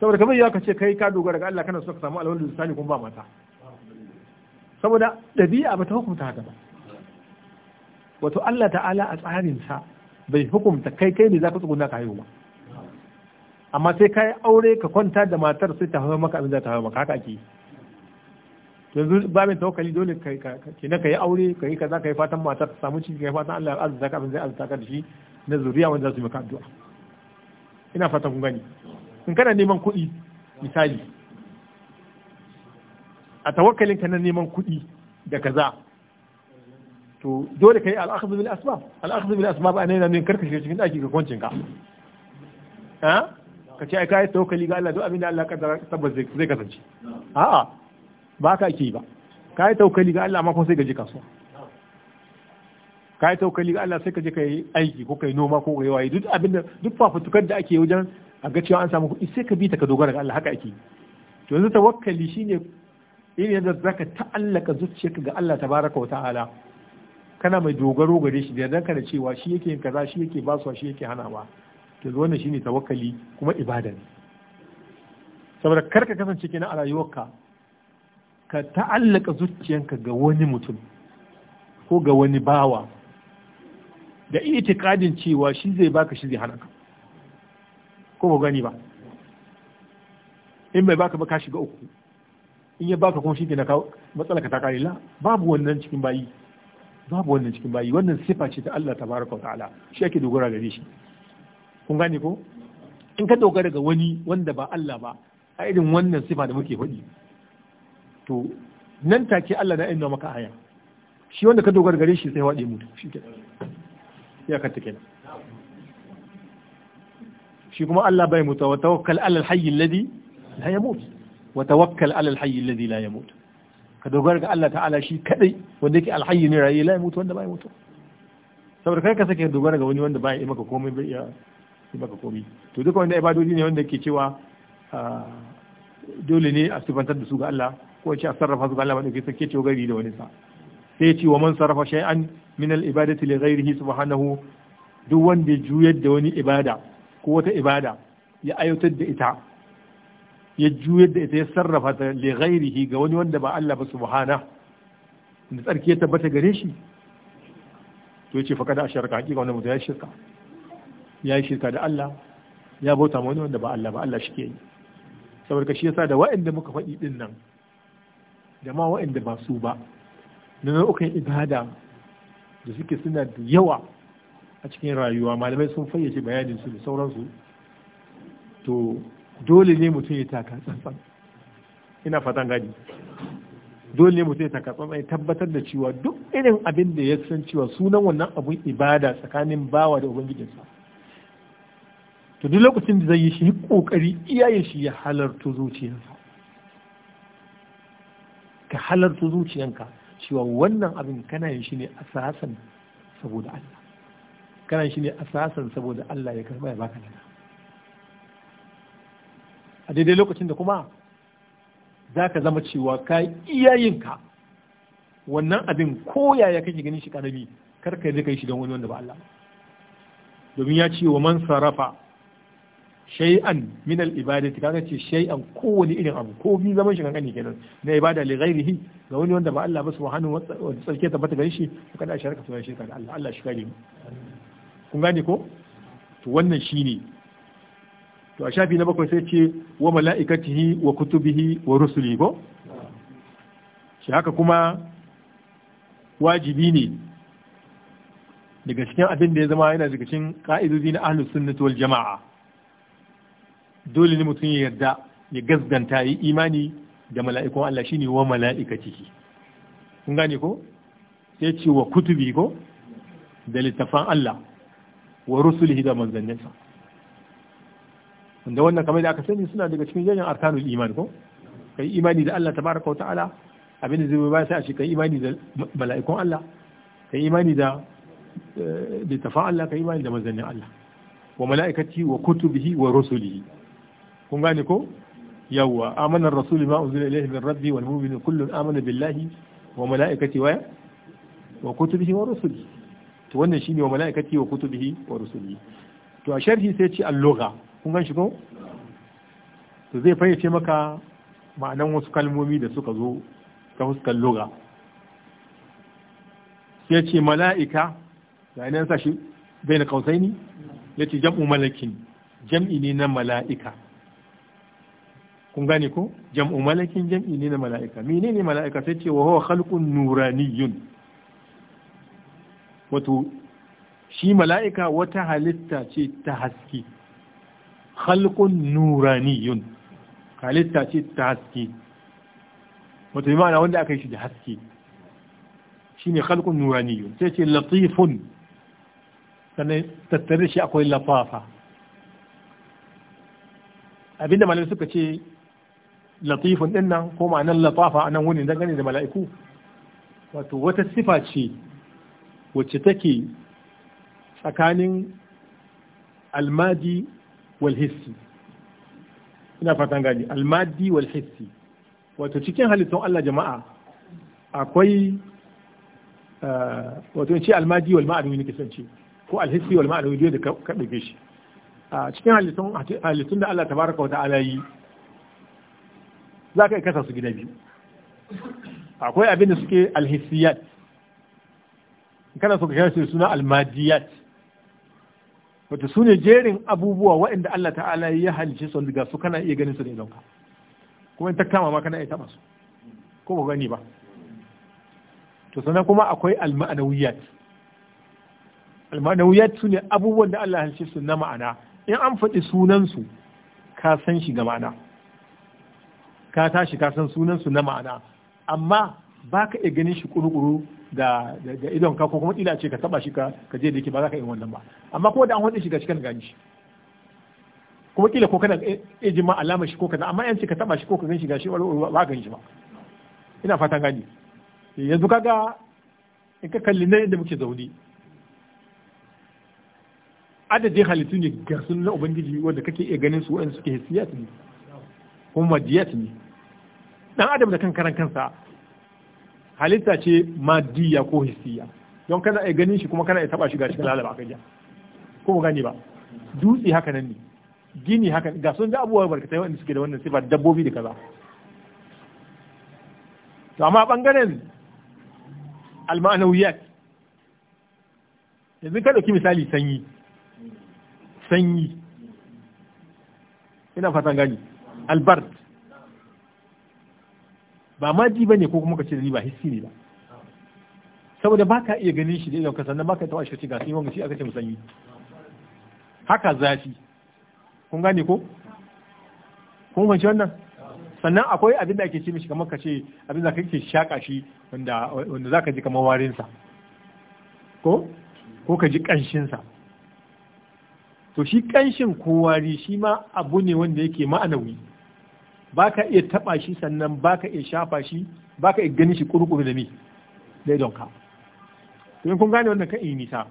Speaker 1: saboda kamar ya kace kai ka dogara ga Allah kana so ka samu alwaladu salih kuma ba mata saboda dabi'a ba ta hukunta haka ba wato Allah ta'ala a tsarinsa bai hukumta kai kai ne za ka tsuguna ka haihu ba amma sai ka yi aure ka kwanta da matar sai ta hawa maka abin da ta hawa maka haka ake yanzu ba mai tawakkali dole ka ke na ka yi aure ka yi kaza ka yi fatan matar ta samu ciki ka yi fatan Allah ya zaka abin zai arzuta ka da shi na zuriya wanda za su yi maka addu'a ina fatan kun gani in kana neman kuɗi misali a tawakkalin ka na neman kuɗi da kaza to dole kai al'akhdhu bil asbab al'akhdhu bil asbab ana yana min karkashe cikin daki ga kwancin ka ha ka ce ai kai tawakkali ga Allah duk abin da Allah kaddara tabbas zai kasance a'a ba ka ake ba kai tawakkali ga Allah amma kuma sai ka je kasuwa kai tawakkali ga Allah sai ka je kai aiki ko kai noma ko kai waye duk abin da duk fafutukar da ake wajen a ga cewa an samu kuɗi sai ka bi ta ka dogara ga Allah haka ake to yanzu tawakkali shine irin yadda zaka ta'allaka zuciyarka ga Allah tabaraka wa ta'ala kana mai dogaro gare shi da danka da cewa shi yake yin kaza shi yake basuwa shi yake hanawa to wannan shine tawakkali kuma ibada ne saboda karka kasance kenan a rayuwarka ka ta'allaka zuciyanka ga wani mutum ko ga wani bawa da itikadin cewa shi zai baka shi zai hana ka ko ba gani ba in bai baka ba ka shiga uku in ya baka kuma shi ke na matsala ka ta kare la babu wannan cikin bayi babu wannan cikin bayi wannan sifa ce ta Allah ta tabaraka ta'ala shi ake dogara gare shi kun gane ko in ka dogara ga wani wanda ba Allah ba a irin wannan sifa da muke faɗi to nan take Allah na inna maka aya shi wanda ka dogara gare shi sai waɗe mutu shi ke ya ka take shi kuma Allah bai mutu tawakkal alal hayy alladhi la yamut wa tawakkal alal hayy alladhi la yamut ka dogara ga Allah ta'ala shi kadai wanda yake alhayyi ne rayi lai mutu wanda bai mutu saboda kai ka sake dogara ga wani wanda bai yi maka komai bai yi maka komai to duka wanda ibadodi ne wanda ke cewa ah, dole ne a sifantar da su ga Allah ko ce a sarrafa su ga Allah madauki sake ce gari da wani sa sai ce wa man sarrafa shay'an min al-ibadati li ghayrihi subhanahu duk wanda juyar da wani ibada ko wata ibada ya ayyutar da ita ya juyar da ita ya sarrafa ta le gairihi ga wani wanda ba Allah ba subhana da tsarki ya tabbata gare shi to yace fa asharka hakika wannan mutum ya shirka ya shirka da Allah ya bauta ma wani wanda ba Allah ba Allah shi ke yi saboda shi yasa da wa'anda muka faɗi din nan da ma wa'anda ba su ba na nau'ukan ibada da suke suna da yawa a cikin rayuwa malamai sun fayyace bayanin su da sauransu to dole ne mutum ya taka tsantsan ina fatan gani dole ne mutum ya taka tsantsan ya tabbatar da cewa duk irin abin da ya san cewa sunan wannan abun ibada tsakanin bawa da ubangijinsa to duk lokacin da zai yi shi kokari iyaye shi ya halarta zuciyarsa ka halarta zuciyanka cewa wannan abin kana yin shi ne asasan saboda Allah kana yin shi ne asasan saboda Allah ya karba ya baka lada a daidai lokacin da kuma za ka zama cewa ka iyayinka wannan abin ko yaya kake ganin shi kanabi kar ka yi kai shi don wani wanda ba Allah domin ya ce wa man sarrafa shay'an min al-ibadati kaga ce shay'an kowane irin abu ko bi zaman shi kankani kenan na ibada li ghairihi ga wani wanda ba Allah ba subhanahu wa ta'ala sarki ta bata gare shi kada a sharaka sunan shi da Allah Allah shi kare mu kun gane ko to wannan shine to a shafi na bakwai sai ce wa mala'ikatihi wa kutubihi wa rusuli ko shi haka kuma wajibi ne daga cikin abin da ya zama yana daga cikin ka'idodi na ahlus sunnati wal jama'a dole ne mutum ya yarda ya gasganta yi imani da mala'ikon Allah shi ne wa mala'ikatihi kun gane ko sai ce wa kutubi ko da littafan Allah wa rusulihi da manzanninsa wanda wannan kamar da aka sani suna daga cikin yanyan arkanu iman ko kai imani da Allah tabaraka wa ta'ala abin da zai ba sai a shi kai imani da mala'ikun Allah kai imani da eh, littafan Allah kai imani da manzannin Allah wa mala'ikati wa kutubihi wa rusulihi kun gane ko yawa amana ar-rasul ma unzila ilayhi min rabbi wal mu'minu kullun amana billahi wa mala'ikati wa wa kutubihi wa rusulihi to wannan shine wa mala'ikati wa kutubihi wa rusulihi to a sharhi sai ce al-lugha kun gan shi ko to zai fayyace maka ma'anan wasu kalmomi da suka zo ta fuskar loga ya ce mala'ika ga ina sa shi bai na kausai ne ya ce jam'u malakin jam'i ne na mala'ika kun gane ko jam'u malakin jam'i ne na mala'ika mene ne mala'ika sai ce wa huwa khalqun nuraniyun wato shi mala'ika wata halitta ce ta haske khalqun nuraniyun halitta ce ta haske wato bi ma'ana wanda aka yi shi da haske shi ne khalqun nuraniyun sai ce latifun sannan tattare shi akwai lafafa abinda malamai suka ce latifun din nan ko ma'anar lafafa anan wani dangane da mala'iku wato wata sifa ce wacce take tsakanin almadi Walhissi ina fatan gani almadi walhissi wato cikin halittun Allah jama'a akwai eh, wato ce almadi wal ma'anawi ne kasance ko alhissi wal ma'anawi da ka ɗauke shi a cikin halittun halittun da Allah tabaraka wa ta'ala yi za kasa su gida biyu akwai abin da suke alhissiyat kana so ka kira su suna almadiyat wato su ne jerin abubuwa waɗanda Allah ta'ala ya halice su ga su kana iya ganin su da idonka kuma in takama ma kana iya taba su ko ba gani ba to sannan kuma akwai al-ma'anawiyat al-ma'anawiyat su ne abubuwan da Allah halice su na ma'ana in an faɗi sunan su ka san shi ga ma'ana ka tashi ka san sunan su na ma'ana amma baka iya ganin shi kurukuru. da idon ka ko kuma ila ce ka taba shi ka je da ke ba za ka yi wannan ba amma ko da an wani shi ga cikin gani kuma kila ko kana eji ma alamar shi ko kana amma yan ce ka taba shi ko ka gan shi ga shi ba ka gan shi ba ina fatan gani eh, yanzu kaga in ka kalli na yadda muke zaune adadin halittu ne garsun na ubangiji wanda kake iya ganin su wa'in suke hisiyat ne kuma diyat ne dan adam da kan karan kansa halitta ce madiyya ko hissiya don kana iya ganin shi kuma kana iya taba shi ga cikin lalaba kai ko mu gani ba dutse haka nan ne gini haka ga sun da abubuwa barkatai wanda suke da wannan sifa dabbobi da kaza to amma bangaren almanawiyat yanzu ka dauki misali sanyi sanyi ina fatan gani albard ba ma ji bane ko kuma ka ce da ni ba hissi ne ba saboda ba ka iya ganin shi da idan ka sannan ba ka tawa shi ga sai wanga shi aka ce musanyi haka zafi kun gane ko kun fahimci wannan sannan akwai abin da ake ce mishi kamar ka ce abin da kake shaka shi wanda wanda zaka ji kamar warin sa ko ko ka ji kanshin sa to shi kanshin ko wari shi ma abu ne wanda yake ma'anawi ba ka iya taɓa shi sannan ba ka iya shafa shi ba ka iya ganin shi kurkuru da mi da to in kun gane wannan kan nisa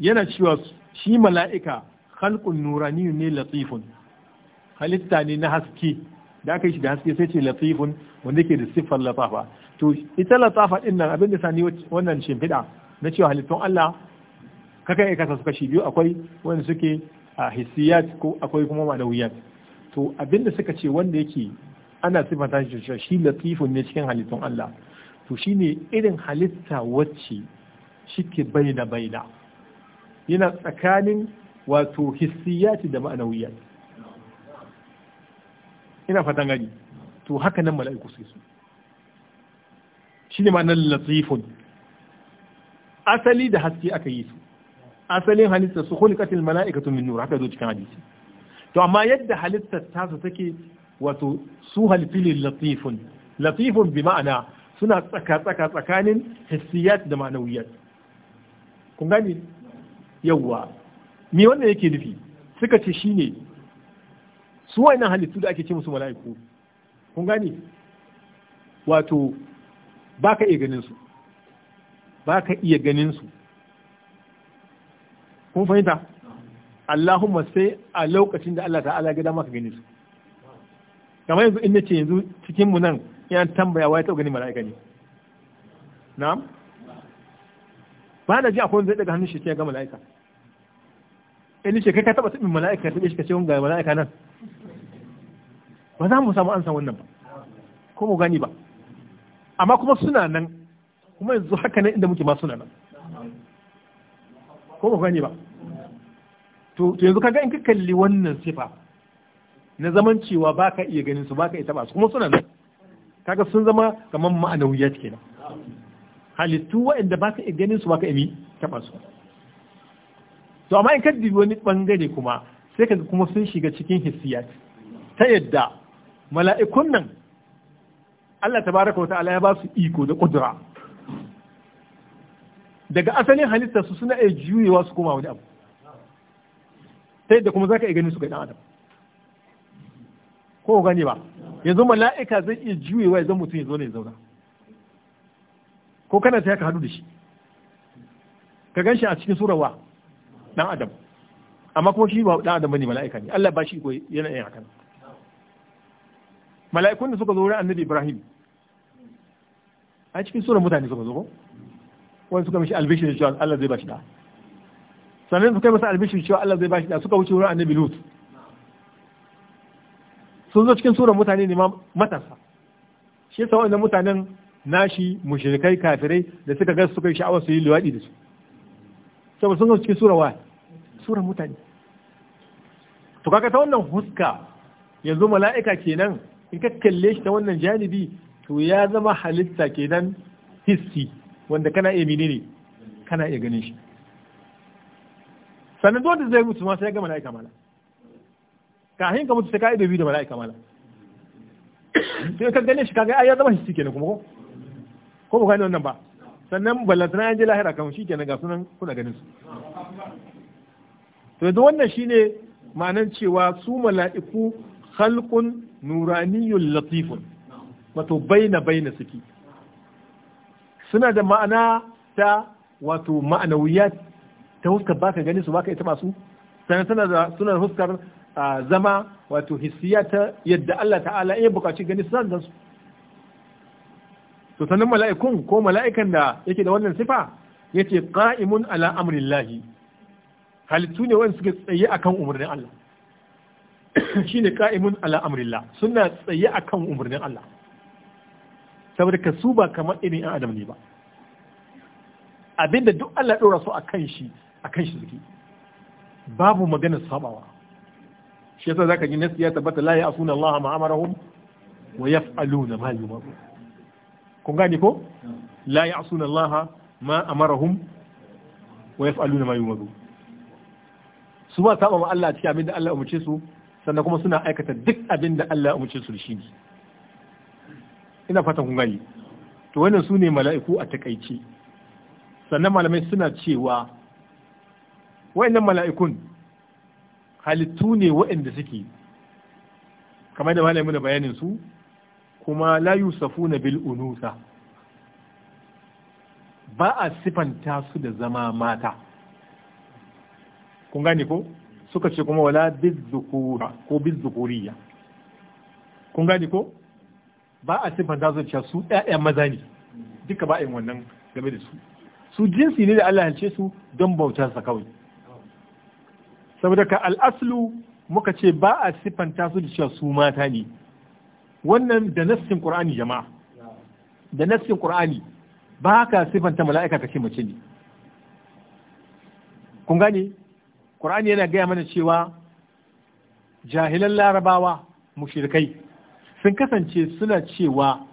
Speaker 1: yana cewa shi mala'ika khalqun nurani ne latifun halitta ne na haske da aka yi shi da haske sai ce latifun wanda ke da siffar latafa to ita latafa din nan abin da sani wannan shimfiɗa na cewa halittun Allah kakan iya kasa suka shi biyu akwai wanda suke a ah, hissiyat ko akwai kuma ma'anawiyat to abinda suka ce wanda yake ana sifanta shi shi latifun ne cikin halittun Allah to shine irin halitta wacce shike baina baina yana tsakanin wato hissiyati da ma'anawiyat ina fatan gani to haka nan mala'iku sai su shine ma'anar latifun asali da haske aka yi su asalin halitta su khuliqatil mala'ikatu min nur haka zo cikin hadisi to amma yadda halittar tasu take wato su halfilin latifun latifun bi ma'ana suna tsaka tsaka tsakanin hissiyat da ma'anawiyat kun gani yawwa me wannan yake nufi suka ce shine su wannan halittu da ake ce musu mala'iku kun gani wato baka iya ganin su baka iya ganin su kun fahimta Allahumma sai a lokacin da Allah ta'ala ga dama ka gani su kamar yanzu ina ce yanzu cikin mu nan yan tambaya wai ta gani mala'ika ne na'am ba da ji akwai wanda zai daga hannun shi ya ga mala'ika eh, in ce kai ka taba tsibin mala'ika ta shi ka ce ga mala'ika nan ba za mu samu an san wannan ba ko mu gani ba amma kuma suna nan kuma yanzu haka nan inda muke ma suna nan ko mu gani ba to yanzu kaga in ka kalli wannan sifa na zaman cewa ba ka iya ganin su ba ka iya taba su kuma suna nan kaga sun zama kamar ma'anawiyat kenan halittu waɗanda ba ka iya ganin su ba ka iya taba su to amma in ka dubi wani bangare kuma sai ka kuma sun shiga cikin hissiyat ta yadda mala'ikun nan Allah tabaraka wa ta'ala ya ba su iko da kudura daga asalin halittarsu suna iya juyewa su koma wani abu sai da kuma zaka iya ganin su ga adam ko gani ba yanzu mala'ika zai iya juye ya zama mutum ya zo ne ya zauna ko kana sai ka hadu da shi ka gan shi a cikin surawa dan adam amma kuma shi ba dan adam bane mala'ika ne Allah ba shi ko yana yin haka mala'ikun da suka zo wurin annabi Ibrahim a cikin surar mutane suka zo ko wani suka mishi albishir da Allah zai ba shi da sannan su kai masa albishir cewa Allah zai bashi da suka wuce wurin annabi Lut sun zo cikin surar mutane ne matasa shi sa wannan mutanen nashi mushrikai kafirai da suka ga suka yi sha'awa su yi luwaɗi da su saboda sun zo cikin surar wa surar mutane to kaga ta wannan huska yanzu mala'ika kenan in ka kalle shi ta wannan janibi to ya zama halitta kenan hissi wanda kana iya menene kana iya ganin shi sannan da zai mutu ma sai ga mala'ika mala kafin ka mutu sai ka ido biyu da mala'ika mala sai ka gane shi kaga ai ya zama shi kenan kuma ko ko ba gane wannan ba sannan ballantana an je lahira kan shi kenan ga sunan kuna ganin su to yanzu wannan shine ma'anar cewa su mala'iku khalqun nuraniyun latifun wato baina baina suke suna da ma'ana ta wato ma'anawiyat ta huskar ba ka gani su ba ka ita masu sannan tana da sunan huskar zama wato hissiya ta yadda Allah ta'ala ya bukaci gani su zan su to mala'ikun ko mala'ikan da yake da wannan sifa yace qa'imun ala amrillahi halittu ne wanda suke tsaye akan umarnin Allah shine qa'imun ala amrillah suna tsaye akan umarnin Allah saboda ka su ba kamar irin 'yan adam ne ba abinda duk Allah ɗora su a kan shi a kan shi suke babu magana sabawa shi yasa zaka ji nasu ya tabbata la ya asuna Allah ma amarahum wa yaf'aluna ma yumaru kun gane ko la ya asuna Allah ma amarahum wa yaf'aluna ma yumaru su ba saba ma Allah cikin abin da Allah umarce su sannan kuma suna aikata duk abin da Allah umarce su da shi ne ina fatan kun gane to wannan su ne mala'iku a takaice sannan malamai suna cewa wa'annan mala'ikun halittu ne wa'anda suke kamar da malamin da bayanin su kuma la yusafuna bil unusa ba a sifanta su da zama mata kun gane ko suka ce kuma wala bizzukura ko bizzukuriya kun gane ko ba a sifanta su da su ɗaya maza ne duka ba a yin wannan game da su su jinsi ne da Allah ya ce su don bautarsa kawai saboda ka al'aslu muka ce ba a siffanta su da cewa su mata ne wannan da nassin qur'ani jama'a da nassin qur'ani ba ka siffanta mala'ika kace mace ne kun gane qur'ani yana gaya mana cewa jahilan larabawa mushrikai sun kasance suna cewa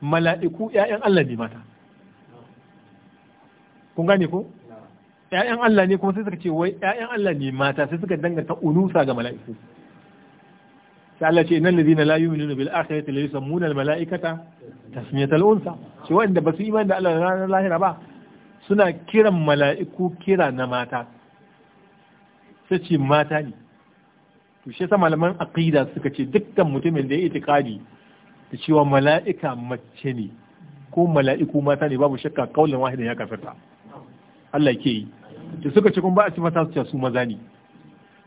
Speaker 1: mala'iku ‘ya'yan Allah ne mata. Kun gane ko? ƴaƴan Allah ne kuma sai suka ce wai ƴaƴan Allah ne mata sai suka danganta unusa ga mala'iku sai Allah ce innal ladina la yu'minuna bil akhirati la yusammuna al mala'ikata tasmiyatal unsa shi wanda basu imani da Allah da lahira ba suna kiran mala'iku kira na mata sai ce mata ne to shi yasa malaman aqida suka ce dukkan mutumin da ya itikadi da cewa mala'ika mace ne ko mala'iku mata ne babu shakka kaulin wahidin ya kafirta Allah ke yi da suka ce kun ba a ci mata su su maza ne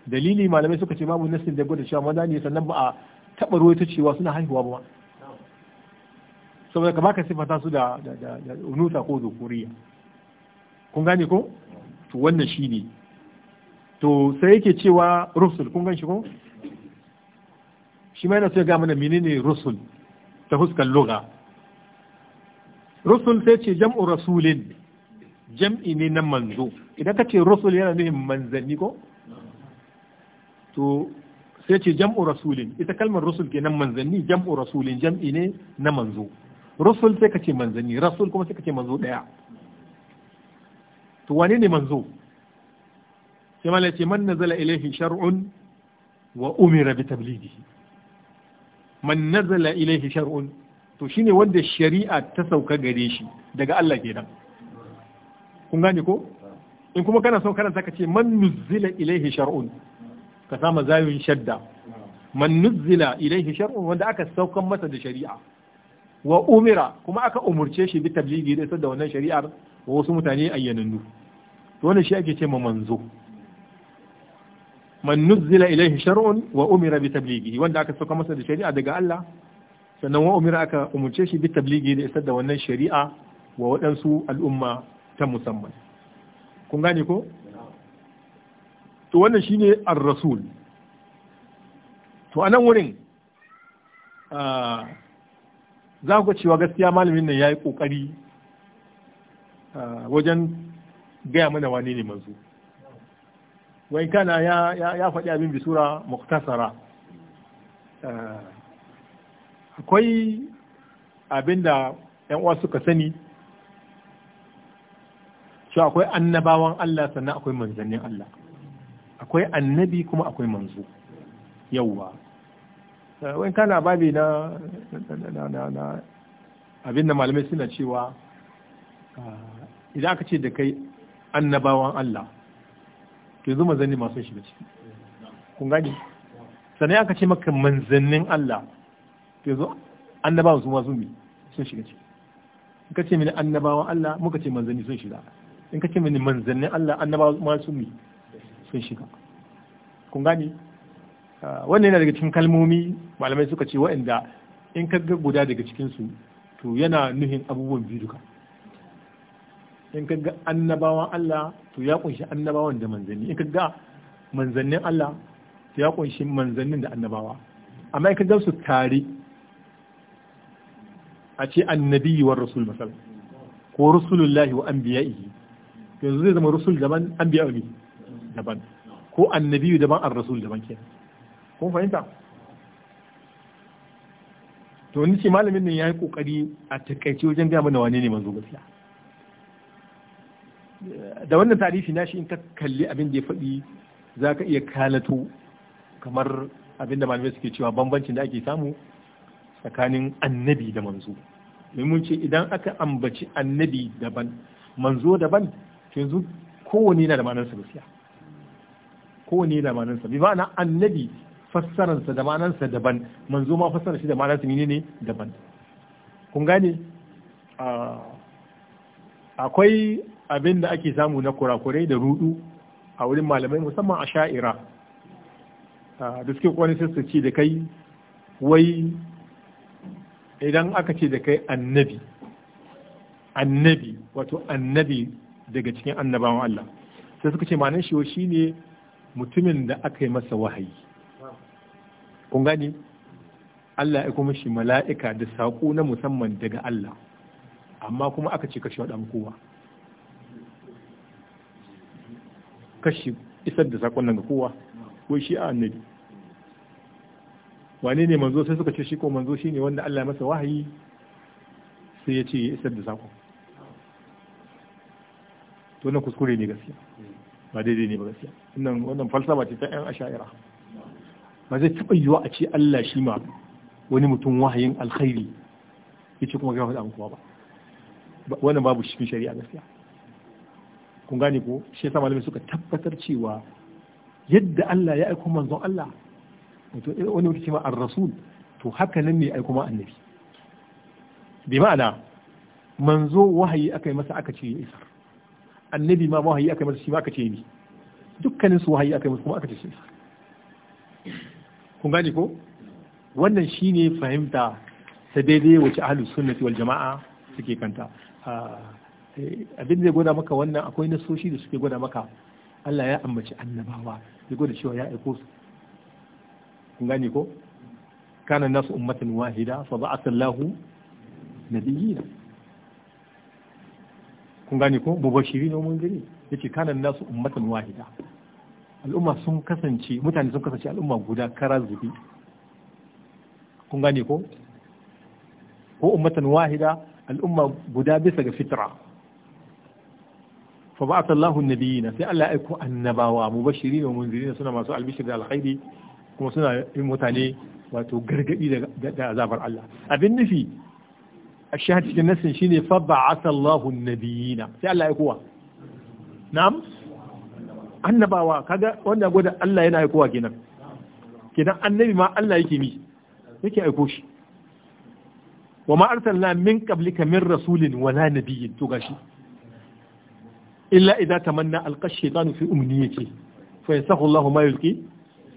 Speaker 1: dalili malamai suka ce babu nasin da gwada cewa maza ne sannan ba a taɓa ta cewa suna haihuwa ba saboda kamar ka sifata su da unuta ko zukuriya kun gane ko to wannan shi ne to sai yake cewa rusul kun gan shi ko shi ma yana so ya ga mana menene rusul ta fuskan loga rusul sai ce jam'u rasulin jam'i ne na manzo idan ka ce rasul yana nufin manzanni ko to sai ce jam'u rasulin ita kalmar rasul ke nan manzanni jam'u rasulin jam'i ne na manzo rasul sai ka ce manzanni rasul kuma sai ka ce manzo ɗaya, to wane ne manzo sai mala ce man nazala ilaihi shar'un wa umira bi tablighihi man nazala ilaihi shar'un to shine wanda shari'a ta sauka gare shi daga Allah kenan kun gane ko in kuma kana son karanta ka ce man nuzzila ilaihi shar'un ka sama zayun shadda man nuzzila ilaihi shar'un wanda aka saukan masa da shari'a wa umira kuma aka umurce shi bi tabligi da da wannan shari'ar wa wasu mutane ayyanannu to wannan shi ake ce ma manzo man nuzzila ilaihi shar'un wa umira bi tabligi wanda aka saukan masa da shari'a daga Allah sannan wa umira aka umurce shi bi tabligi da isar da wannan shari'a wa waɗansu al'umma ta musamman kun gane ko to wannan shine ar-rasul to a nan wurin za ku cewa gaskiya malamin nan ya yi ƙoƙari wajen gaya mana wani ne manzo wai kana ya faɗi abin bisura muktasara akwai abin da uwa suka sani cewa akwai annabawan Allah sannan akwai manzannin Allah akwai annabi kuma akwai manzo yawwa eh, wai kana babi na abin da malamai suna cewa eh, idan aka ce da kai annabawan Allah to yanzu manzanni masu shiga ciki kun gani sannan aka ce maka manzannin Allah to yanzu annabawan su ma sun shiga ciki ka ce mini annabawan Allah muka ce manzanni sun shiga in ka ce mini manzannin Allah annaba masu mi sun shiga kun gane ah, wannan yana daga cikin kalmomi malamai suka ce waɗanda in ka ga guda daga cikinsu to yana nuhin abubuwan biyu duka in ka ga annabawan Allah to ya kunshi annabawan da manzanni in ka ga manzannin Allah to ya kunshi manzannin da annabawa amma in ka ga su tare a ce annabi wa rasul masal ko rasulullahi wa anbiya'ihi yanzu zai zama rasul daban an biya ne daban ko annabiyu daban an rasul daban ke kun fahimta to ni ce malamin nan ya yi kokari a takaice wajen gaya mana wane ne manzo gaskiya da wannan tarihi na shi in ka kalli abin da ya faɗi za ka iya kalato kamar abin da malamai suke cewa bambancin da ake samu tsakanin annabi da manzo domin mun ce idan aka ambaci annabi daban manzo daban to yanzu kowanne yana da sa gaskiya kowanne yana da sa bi na annabi fassararsa da sa daban manzo ma fassara shi da ma'anar ne ne daban kun gane akwai abin da ake samu na kurakurai da rudu a wurin malamai musamman a sha'ira da suke kwanin sassa ce da kai wai idan aka ce da kai annabi annabi wato annabi daga cikin annabawan Allah sai suka ce ma'anar shi ne mutumin da aka yi masa wahayi kun gani Allah ya kuma shi mala'ika da saƙo na musamman daga Allah amma kuma aka ce kashi waɗanda kowa kashi isar da saƙon nan ga kowa ko shi a annabi wane ne manzo sai suka ce shi ko manzo shi ne wanda Allah ya masa wahayi sai ya ce ya isar da saƙon to wannan kuskure ne gaskiya ba daidai ne ba gaskiya wannan wannan falsafa ce ta yan asha'ira ba zai taɓa yiwa a ce Allah shi ma wani mutum wahayin alkhairi ya ce kuma ga faɗa kowa ba wannan babu shi shari'a gaskiya kun gane ko shi yasa malamai suka tabbatar cewa yadda Allah ya aiko manzon Allah to wani wuce ma ar-rasul to haka nan ne aiko ma annabi bi ma'ana manzo wahayi aka yi masa aka ce ya isar annabi ma wahayi aka masa shi ma aka ce bi dukkanin su wahayi aka masa kuma aka ce shi kun gane ko wannan shine fahimta ta daidai wace ahlus sunnati wal jama'a suke kanta ah, eh, abin da ya gwada maka wannan akwai nasoshi da suke gwada maka Allah ya ambaci annabawa ya gwada cewa ya aiko su kun gane ko kana nasu ummatan wahida fa ba'atha nabiyina kun gani ko mubashiri ne mun gani yace kanan nasu ummatan wahida al'umma sun kasance mutane sun kasance al'umma guda kara zubi kun gani ko ko ummatan wahida al'umma guda bisa ga fitra fa ba'ata Allahu nabiyina sai Allah ya aiko annabawa mubashirin wa munzirin suna masu albishir da alkhairi kuma suna yin mutane wato gargadi da azabar Allah abin nufi a shahar cikin nasin shine fa ba'atha Allahu nabiyina sai Allah ya kowa na'am annabawa kaga wanda gwada Allah yana aikowa kenan kenan annabi ma Allah yake mi yake aiko shi wa ma arsalna min qablika min rasulin wala nabiyyin to gashi illa idza tamanna alqa shaytanu fi umniyati fa yasahu Allahu ma yulqi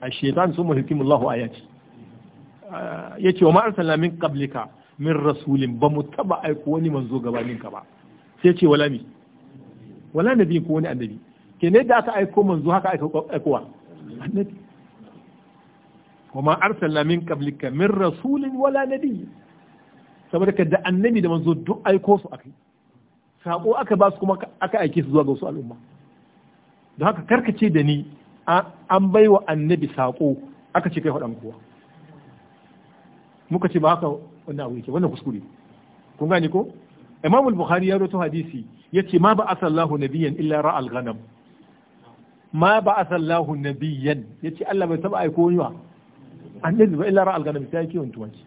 Speaker 1: ash-shaytan thumma ayati wa ma min rasulin ba mu taba aiko wani manzo gabanin ka ba sai ce wala mi wala nabi ko wani annabi ke ne da aka aiko manzo haka aikowa annabi wa ma arsalna min qablika min rasulin wala nabi saboda ka da annabi da manzo duk aiko su akai sako aka ba su kuma aka aike su zuwa ga wasu al'umma don haka karkace da ni an bai wa annabi sako aka ce kai faɗan kowa muka ce ba haka wannan abu yake wannan kuskure kun gane ko Imam al-Bukhari ya rawaito hadisi yace ma ba'atha Allahu nabiyyan illa al ghanam ma ba'atha Allahu nabiyyan yace Allah bai taba aiko wani ba annabi ba illa ra'al ghanam sai yake wani tuwanci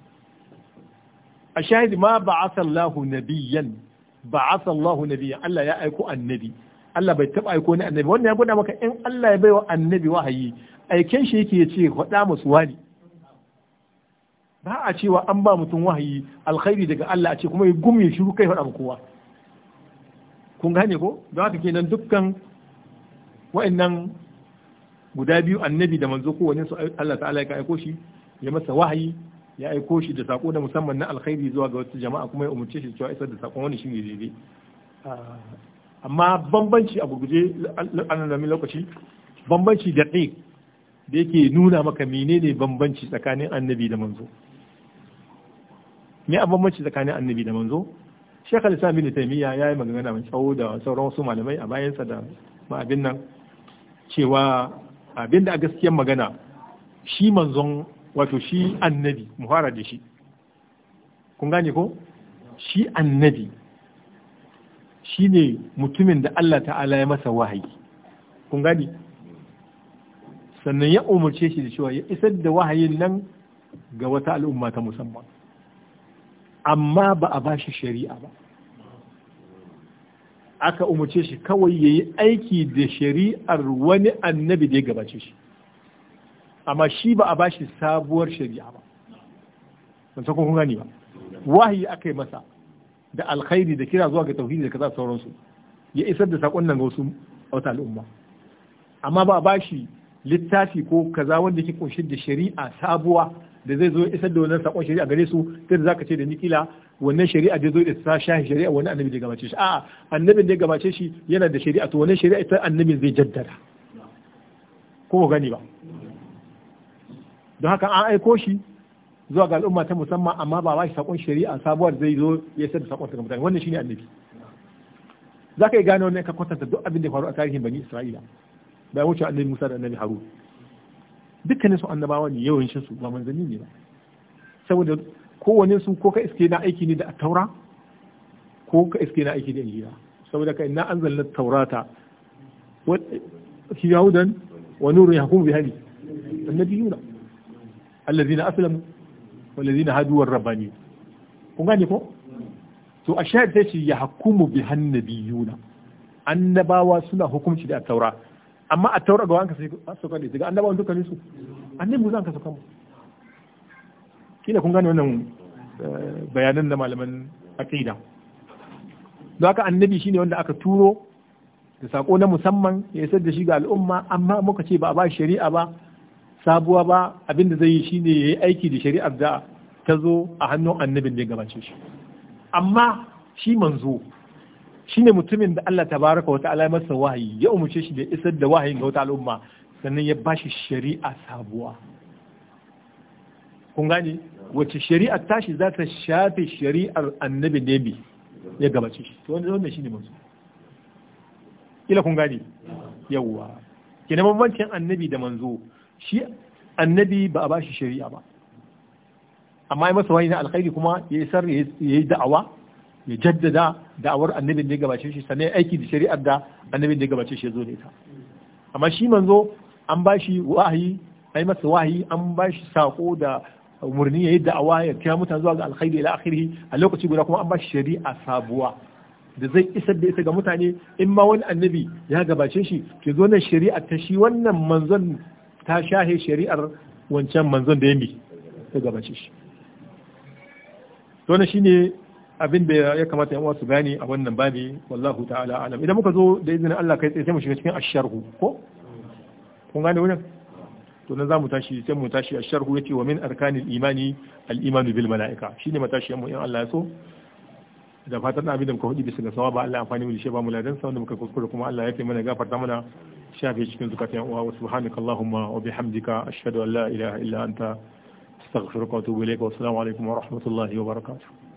Speaker 1: a shahidi ma ba'atha Allahu nabiyyan ba'atha Allahu nabiyyan Allah ya aiko annabi Allah bai taba aiko ni annabi wannan ya gwada maka in Allah ya baiwa annabi wahayi aiken shi yake yace faɗa musu wani ba a cewa an ba mutum wahayi alkhairi daga Allah a ce kuma ya gume shiru kai faɗa kowa kun gane ko don haka kenan dukkan wa'annan guda biyu annabi da manzo ko wani su Allah ta'ala ya aiko shi ya masa wahayi ya aiko shi da sako da musamman na alkhairi zuwa ga wasu jama'a kuma ya umurce shi cewa isar da sakon wani shine daidai ah, amma bambanci a gurguje an lokaci bambanci da da yake nuna maka menene bambanci tsakanin annabi da manzo me a bambanci tsakanin annabi da manzo shekh al bin taimiyya ya yi magana mai tsawo da sauran wasu malamai a bayansa da abin nan cewa abin da a gaskiyar magana shi manzon wato shi annabi mu fara da shi kun gane ko shi annabi shi ne mutumin da Allah ta'ala ya masa wahayi kun gane. sannan ya umarce shi da cewa ya isar da wahayin nan ga wata al'umma ta musamman amma ba a ba shi shari'a ba aka umarce shi kawai ya yi aiki da shari'ar wani annabi da ya gabace shi amma shi ba a ba shi sabuwar shari'a ba ban san kun gani ba wahayi aka yi masa da alkhairi da kira zuwa ga tauhidi da kaza sauransu ya isar da sakon nan ga wasu wata al'umma amma ba a ba shi littafi ko kaza wanda ke kunshi da shari'a sabuwa da zai zo isar da wannan sakon shari'a gare su sai da ka ce da nikila wannan shari'a da zo da ta shahi shari'a wannan annabi da gabace shi a'a annabin da gabace shi yana da shari'a to wannan shari'a ita annabin zai jaddada ko ba gani ba don haka an aiko shi zuwa ga al'umma ta musamman amma ba ba shi sakon shari'a sabuwar zai zo ya isar da sakon ga mutane wannan shine annabi Za ka yi gane wannan ka kwatanta duk abin da ya faru a tarihin bani Isra'ila bayan wuce annabi Musa da annabi Harun dukkanin su annabawa ne shi su ba manzanni ne ba saboda kowane su ko ka iske na aiki ne da taura ko ka iske na aiki da injila saboda ka inna anzalna taurata wa hudan wa nurun yahkum bi hadi annabiyuna alladhina aslamu walladhina hadu war rabbani kun gane ko to a shahid sai ya hukumu bi hannabiyuna annabawa suna hukunci da taura amma a taura ga wanka su kan daga annabawan dukkanin su annabi Musa ka sauka mu kila kun gane wannan eh, bayanan da malaman aqida don haka annabi shine wanda aka turo da sako na musamman ya isar da shi ga al'umma amma muka ce ba a ba shari'a ba sabuwa ba abinda zai yi ya yayi aiki da shari'ar da ta zo a hannun annabin da ya gabace shi amma shi manzo shine mutumin da Allah tabaraka wa ta'ala masa wahayi ya umarce shi da isar da wahayin ga wata al'umma sannan ya bashi shari'a sabuwa kun gane wace shari'a tashi za ta shafe shari'ar annabi ne bi ya gabace shi to wannan shine manzo ila kun gane yawwa kenan bambancin annabi da manzo shi annabi ba a bashi shari'a ba amma ya masa wani na alkhairi kuma ya isar ya yi da'awa ya jaddada da'awar annabin da ya gabace shi sane aiki da shari'ar da annabin da ya gabace shi ya zo ne ta amma shi manzo an ba shi wahayi ai masa wahayi an ba shi sako da murni ya yi da'awa ya kira mutane zuwa ga alkhairi ila akhirih a lokaci guda kuma an ba shi shari'a sabuwa da zai isar da ita ga mutane in ma wani annabi ya gabace shi ke zo nan shari'a ta shi wannan manzon ta shahe shari'ar wancan manzon da ya mi ta gabace shi to shine abin da ya kamata yan su gane a wannan babi wallahu ta'ala alam idan muka zo da izinin Allah kai tsaye sai mu shiga cikin asharhu ko kun gane wannan to nan zamu tashi sai mu tashi asharhu yace wa min arkanil imani al imanu bil malaika shine matashi mu in Allah ya so da fatan abin da muka hudu bisa ga sawaba Allah amfani mu da shi ba mu ladan sa muka kuskure kuma Allah ya kai mana gafarta mana shafe cikin zukatan uwa wa subhanakallahumma wa bihamdika ashhadu an la ilaha illa anta astaghfiruka wa atubu ilayka wa assalamu alaikum wa rahmatullahi wa barakatuh